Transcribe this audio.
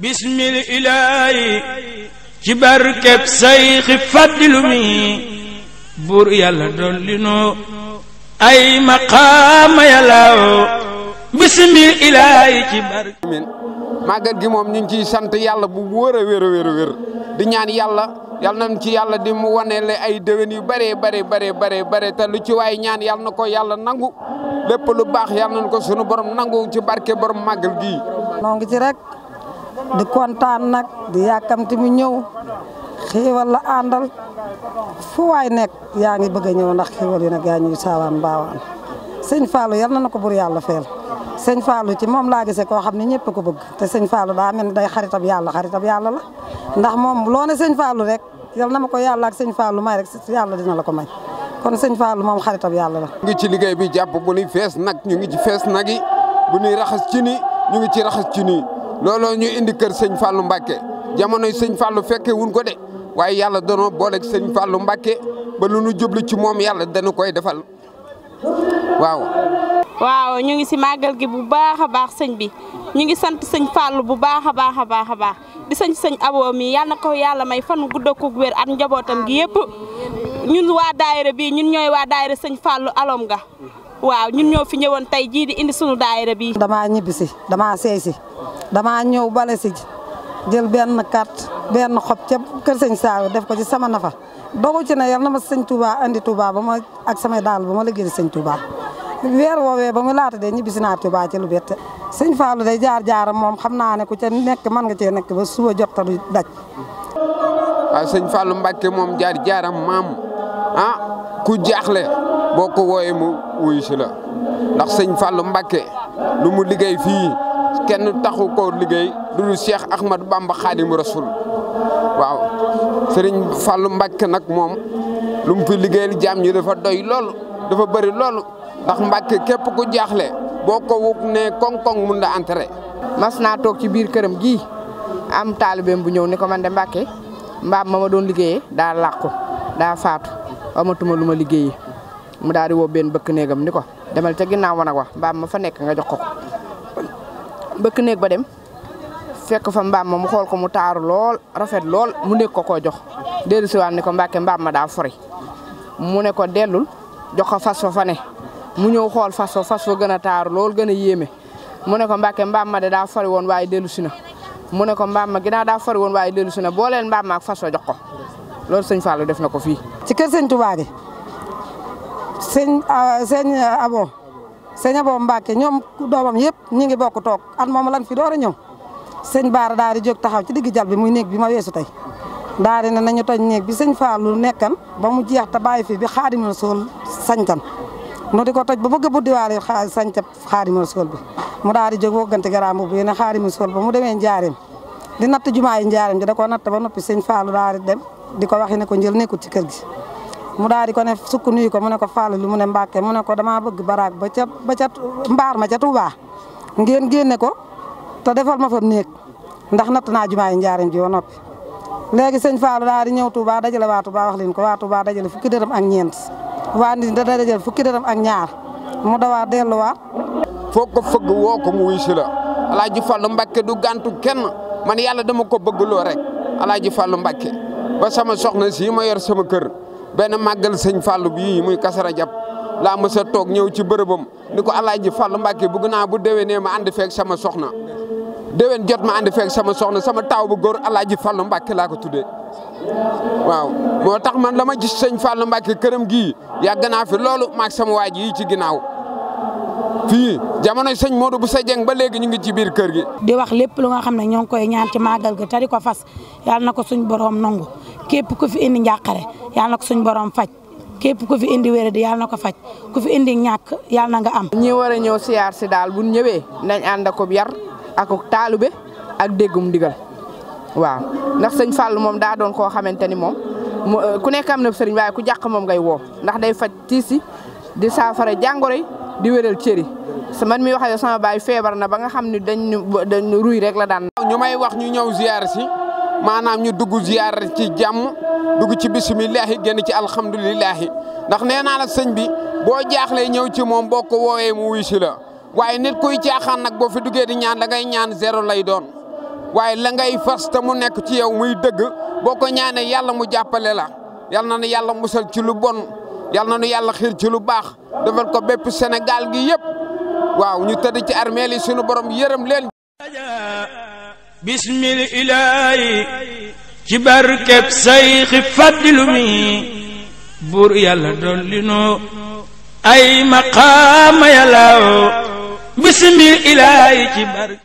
bismil ilaahi ci barkeb sayxi faddilu mi buur yàlla dolli noo ay maqaama yàllaaw bismil ilaahi ci barke màggal gi moom ñu ngi ciy sant yàlla bu wër a wér a wér wér di ñaan yàlla yàlla nañ ci yàlla di mu wanele ay déwén yu bëree bare bare bare bare te lu ci waay ñaan yàlla na ko yàlla nangu lépp lu baax yàlla nañ ko sunu borom nangu ci barke borom màggal gi noo ngi ci rek di kontaan nag di yàkkamti mu ñëw xiiwal la àndal fu waay nekk yaa ngi bëgg a ñëw ndax xiiwal yi nag yaa ñuy saawaan baawaan sëñ Fallou yal na na ko bur yàlla feel sëñ Fallou ci moom laa gisee koo xam ne ñëpp ko bëgg te sëñ Fallou daa mel ni day xaritab yàlla xaritab yàlla la ndax moom loo ne sëñ Fallou rek yal na ma ko yàlla ak sëñ Fallou may rek yàlla dina la ko may kon sëñ Fallou moom xaritab yàlla la. ngi ci liggéey bi jàpp bu ñuy fees nag ñu ngi ci raxas ci nii looloo ñu indi kër sëñ Fallou Mbacké jamonoy sëñ Fallou fekke wuñ ko de waaye yàlla danoo booleeg sëñ Fallou Mbacké ba lu nu jublu ci moom yàlla dana koy defal waaw. waaw ñu ngi si màggal gi bu baax a baax sëñ bi ñu ngi sant sëñ Fallou bu baax a baax a baax a baax di sëñ sëñ Abo mi yàlla na ko yàlla may fan gudd ak wér at njabootam gi yëpp ñun waa daayira bi ñun ñooy waa daayira sëñ Fallou aloom ga waaw ñun ñoo fi ñëwoon tey jii di indi sunu daayira bi damaa ñibbisi damaa seey damaa ñëw bale si jël benn carte benn xob ca kër sëñ saaw def ko ci sama nafa dogu ci na yal na ma sëñ Touba andi Touba ba ma ak samay daal ba ma liggéey sëñ Touba weer woowee ba mu laata de ñibbi si naa Touba ci lu bett sëñ Fallou day jaar jaaram moom xam naa ne ku ca nekk mën nga cee nekk ba suba jot ta du daj waaw sëñ Fallou moom jaar jaaram maam ah ku jaaxle boo ko wooyee mu wuyu si ndax sëñ Fallou mbake lu mu liggéey fii kenn taxu ko liggéey lu dul Cheikh Ahmadou Bamba Khadimu Rasul waaw sëriñ Fallou Mbacké nag moom lu mu fi liggéeyal jaam ñi dafa doy loolu dafa bari loolu ndax Mbacké képp ku jaaxle boo ko wug ne koŋ-koŋ mun na entré mas naa toog ci biir këram gi am taalibeem bu ñëw ni ko man de Mbacké mbaam ma ma doon liggéeyee daa làqu daa faatu amatuma lu ma liggéeyee mu daal di woo benn bëkk néegam ni ko demal ca ginnaaw wanag wax mbaam ma fa nekk nga jox ko ko bëkk néeg ba dem fekk fa mbaam ma mu xool ko mu taaru lool rafet lool mu nekk ko koo jox dellu si waat ni ko mbàkke mbaam ma daa fori mu ne ko dellul jox ko fas fa fa mu ñëw xool fas fa fas fa gën a taaru lool gën a yéeme mu ne ko mbàkke mbaam ma de daa fori woon waaye dellu si na mu ne ko mbaam ma ginnaaw daa fori woon waaye dellu si na boo leen mbaam ma fas fa jox ko loolu sëñ Fallou sëñ ah, sëñ ah, Abo sëñ Abo Mbacke ñoom doomam yëpp ñu ngi bokk toog at moom lan fi door a ñëw sëñ Baara daal di jóg taxaw ci digg jal bi muy néeg bi ma weesu tey daal na ne nañu toj néeg bi sëñ faalu nekkan ba mu jeex te bàyyi fi bi Xaadimu Rasuul sañtan nu di ko toj ba bëgg a buddiwaale xa sañca Xaadimu Rasuul bi mu daal di jóg woggante garaamu bi ne Xaadimu sol ba mu demee Njaareem di natt jumaa yi Njaareem ji da koo natt ba noppi señ Fallou daal di dem di ko waxee ne ko njël nekkul ci kër gi mu daal di ko ne sukk nuyu ko mu ne ko Fallou lu mu ne Mbacke mu ne ko damaa bëgg baraag ba ca ba ca mbaar ma ca Touba ngeen génne ko te defal ma fa néeg ndax natt naa jumaa yi njaariñ ji ba noppi. léegi sëñ Fallou daal di ñëw Touba dajale waatu Touba wax leen ko waatu baa dajale fukki dërëm ak ñeent waa nit da dajale fukki dërëm ak ñaar mu dawaat delluwaat. foo ko fëgg woo ko mu wuy si la El du gàntu kenn man yàlla dama ko bëgg loo rek El Hadj Fallou Mbacke ba sama soxna si sama kër. benn màggal sëñ Fallou bii muy kasara Rajab laa mës a toog ñëw ci bërëbam di ko Alaaji Fallou Mbàkke bugg naa bu déwénee ma ànd feeg sama soxna dewen jot ma ànd feeg sama soxna sama taaw bu gor Alaaji Fallou Mbàkke laa ko tuddee waaw moo tax man la ma gis sëñ Fallou Mbàkke këram gii yàgg naa fi loolu maag sama waaj yi ci ginnaaw fii jamono sëñ Modou bu sa ba léegi ñu ngi ci biir kër gi. di wax lépp lu nga xam ne ñoo ngi koy ñaan ci màggal gi te ko fas yàlla na ko suñ borom nangu képp ku fi indi njàqare yàlla na ko suñ borom faj képp ku fi indi wéré di na ko faj ku fi indi ñàkk yàlla na nga am. ñi war a ñëw siyaar si daal bu ñëwee nañ ànd ak yar ak taalube ak déggum ndigal waaw ndax sëñ Fall moom daa doon koo xamante ni moom euh, ku nekk am na sëriñ waaye ku jàq moom ngay woo ndax day faj tiisi di saafara jàngoro yi di wéral cëri man mi wax sama baay feebar na ba nga xam ne dañ ruy rek la daan. ñu may wax ñu ñëw ziar si. maanaam ñu dugg ziar ci jàmm dugg ci bisimilahi génn ci alhamdulilahi ndax nee naa la sëñ bi boo jaaxlee ñëw ci moom boo ko woowee mu wuy la waaye nit kuy caaxaan nag boo fi duggee di ñaan da ngay ñaan zéro lay doon waaye la ngay fas te mu nekk ci yow muy dëgg boo ko ñaanee yàlla mu jàppale la yal na nu yàlla musal ci lu bon yàlla nu yàlla xiir ci lu baax defal ko bépp Sénégal gi yëpp waaw ñu tëdd ci armeel sunu borom yërëm leen. bismil ilaahi ci barkeb sayxi faddilu mi buur yàlla dolli noo ay maqaama yàllaaw bismil ilaahi ci barkeb